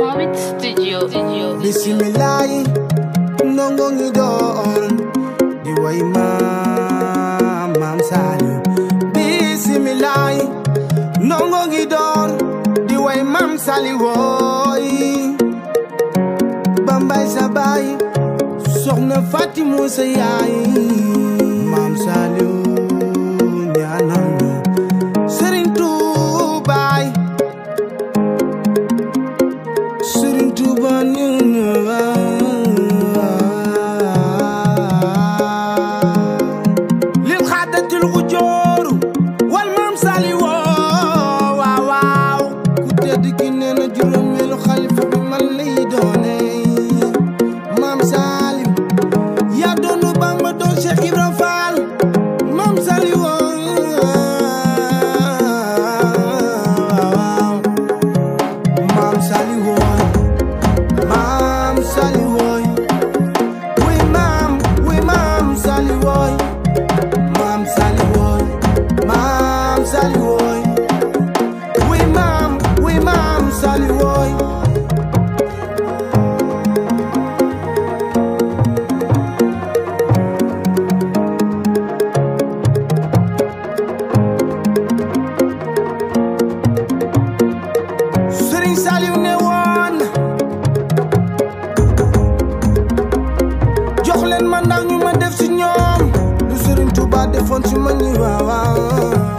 Hobbit Studio. Missy me lie, don't go you down. The way mom, mom said. Missy me lie, don't go you down. The way mom sally boy. Bambai sabai, na fatimu say Saliou wooy wuy maam wuy maam Saliou wooy Sëriñ Saliou ne woon jox leen ma ndax ñu ma def ci ñoom lu Sëriñ Tuubaa defoon ci man ñi waaw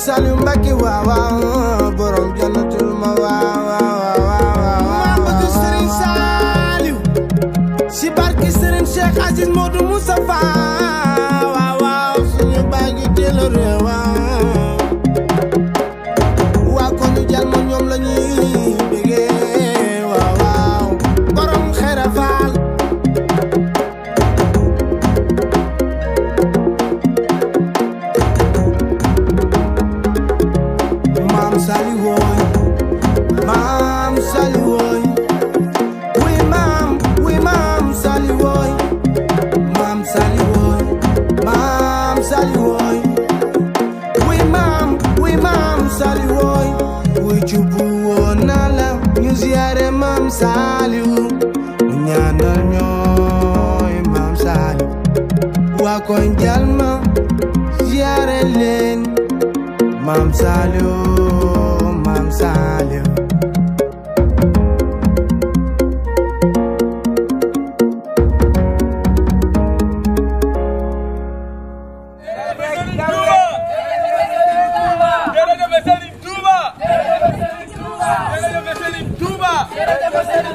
Saliou Mbacké waaw waaw borom jannatul ma waaw waaw waaw maa bëgg Serigne Saliou si barke Serigne Cheikh Aziz Modou Moustapha waaw waaw suñu baay ji teel a réew waaw msali woi Uichubu onala mamsali Unyana nyoy mamsali Wako njalma Mamsali Mamsali Gracias.